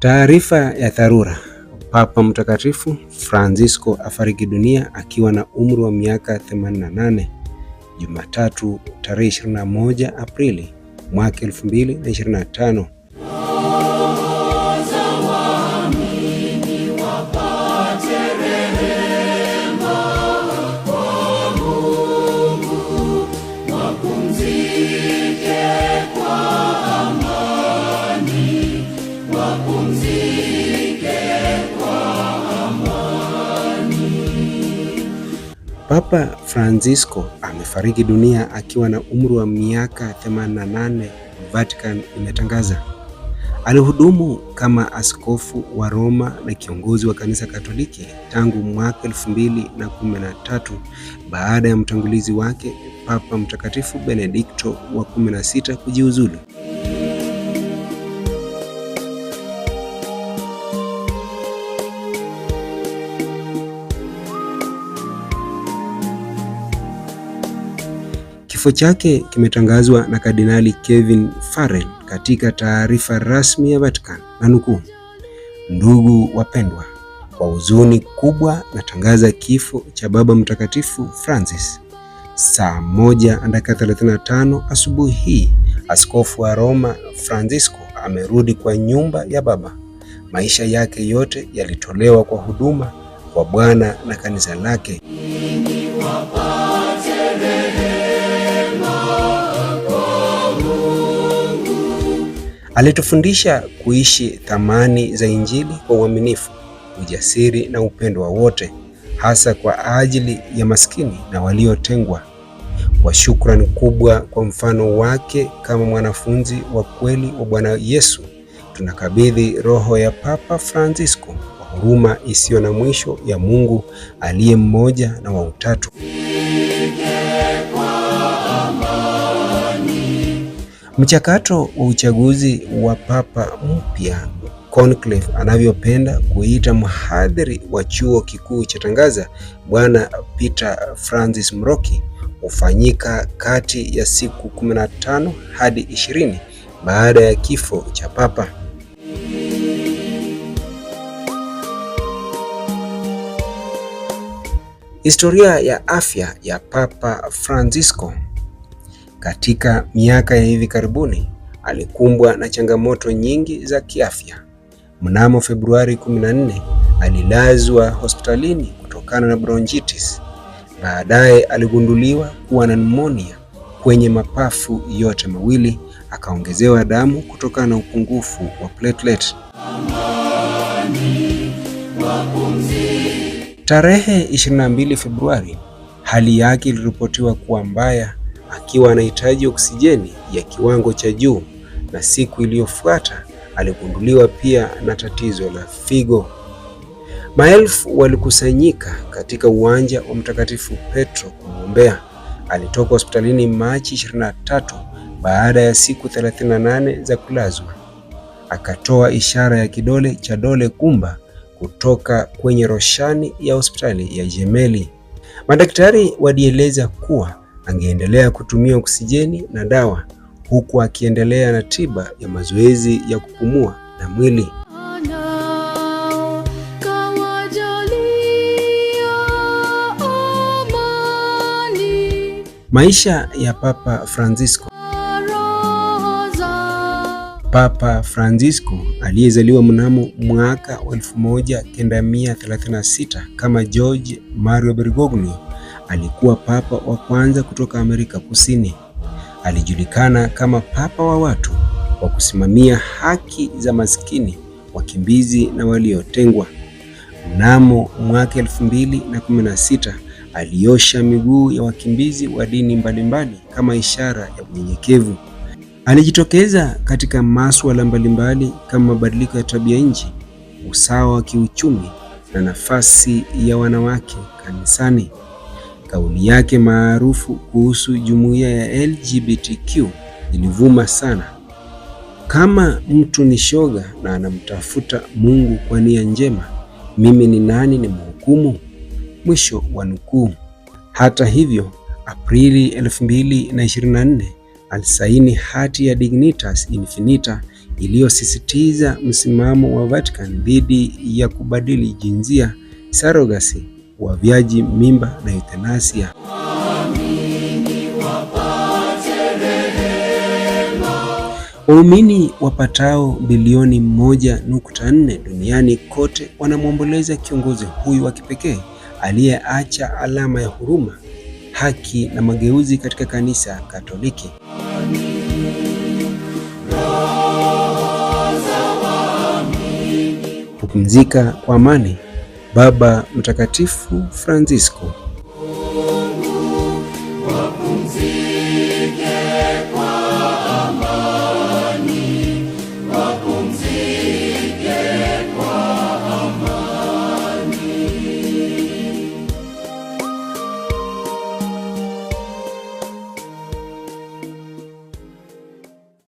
Taarifa ya dharura. Papa Mtakatifu Francisco afariki dunia akiwa na umri wa miaka 88 Jumatatu tarehe 21 Aprili mwaka 2025. Papa Francisco amefariki dunia akiwa na umri wa miaka 88, Vatican imetangaza. Alihudumu kama askofu wa Roma na kiongozi wa kanisa Katoliki tangu mwaka 2013 baada ya mtangulizi wake Papa Mtakatifu Benedikto wa 16 kujiuzulu. Kifo chake kimetangazwa na Kardinali Kevin Farrell katika taarifa rasmi ya Vatican, na nukuu, ndugu wapendwa, kwa huzuni kubwa natangaza kifo cha Baba Mtakatifu Francis. Saa moja na dakika 35 asubuhi hii, askofu wa Roma Francisco amerudi kwa nyumba ya Baba. Maisha yake yote yalitolewa kwa huduma kwa Bwana na kanisa lake. Alitufundisha kuishi thamani za Injili kwa uaminifu, ujasiri na upendo wa wote, hasa kwa ajili ya maskini na waliotengwa. Kwa shukrani kubwa kwa mfano wake kama mwanafunzi wa kweli wa Bwana Yesu, tunakabidhi roho ya Papa Francisco kwa huruma isiyo na mwisho ya Mungu aliye mmoja na wa Utatu. Mchakato wa uchaguzi wa papa mpya, Conclave anavyopenda kuita mhadhiri wa chuo kikuu cha Tangaza, Bwana Peter Francis Mroki, hufanyika kati ya siku 15 hadi 20 baada ya kifo cha papa. Historia ya afya ya Papa Francisco katika miaka ya hivi karibuni alikumbwa na changamoto nyingi za kiafya. Mnamo Februari 14 alilazwa hospitalini kutokana na bronchitis. Baadaye aligunduliwa kuwa na pneumonia kwenye mapafu yote mawili, akaongezewa damu kutokana na upungufu wa platelet. Tarehe 22 Februari hali yake iliripotiwa kuwa mbaya akiwa anahitaji oksijeni ya kiwango cha juu, na siku iliyofuata aligunduliwa pia na tatizo la figo. Maelfu walikusanyika katika uwanja wa Mtakatifu Petro kumwombea. Alitoka hospitalini Machi 23 baada ya siku 38 za kulazwa. Akatoa ishara ya kidole cha dole kumba kutoka kwenye roshani ya hospitali ya Jemeli. Madaktari walieleza kuwa angeendelea kutumia oksijeni na dawa huku akiendelea na tiba ya mazoezi ya kupumua na mwili. Maisha ya Papa Francisco. Papa Francisco aliyezaliwa mnamo mwaka 1936 kama George Mario Bergoglio alikuwa papa wa kwanza kutoka Amerika Kusini. Alijulikana kama papa wa watu, wa kusimamia haki za maskini, wakimbizi na waliotengwa. Mnamo mwaka 2016 aliosha miguu ya wakimbizi wa dini mbalimbali kama ishara ya unyenyekevu. Alijitokeza katika masuala mbalimbali kama mabadiliko ya tabia nchi, usawa wa kiuchumi na nafasi ya wanawake kanisani. Kauli yake maarufu kuhusu jumuiya ya LGBTQ ilivuma sana. Kama mtu ni shoga na anamtafuta Mungu kwa nia njema, mimi ni nani ni mhukumu? Mwisho wa nukuu. Hata hivyo, Aprili 2024 alisaini hati ya Dignitas Infinita iliyosisitiza msimamo wa Vatican dhidi ya kubadili jinsia, surrogacy uavyaji mimba na eutanasia. Waumini wapatao bilioni moja nukta nne duniani kote wanamwomboleza kiongozi huyu wa kipekee aliyeacha alama ya huruma, haki na mageuzi katika kanisa Katoliki. Pumzika kwa amani. Baba Mtakatifu Francisco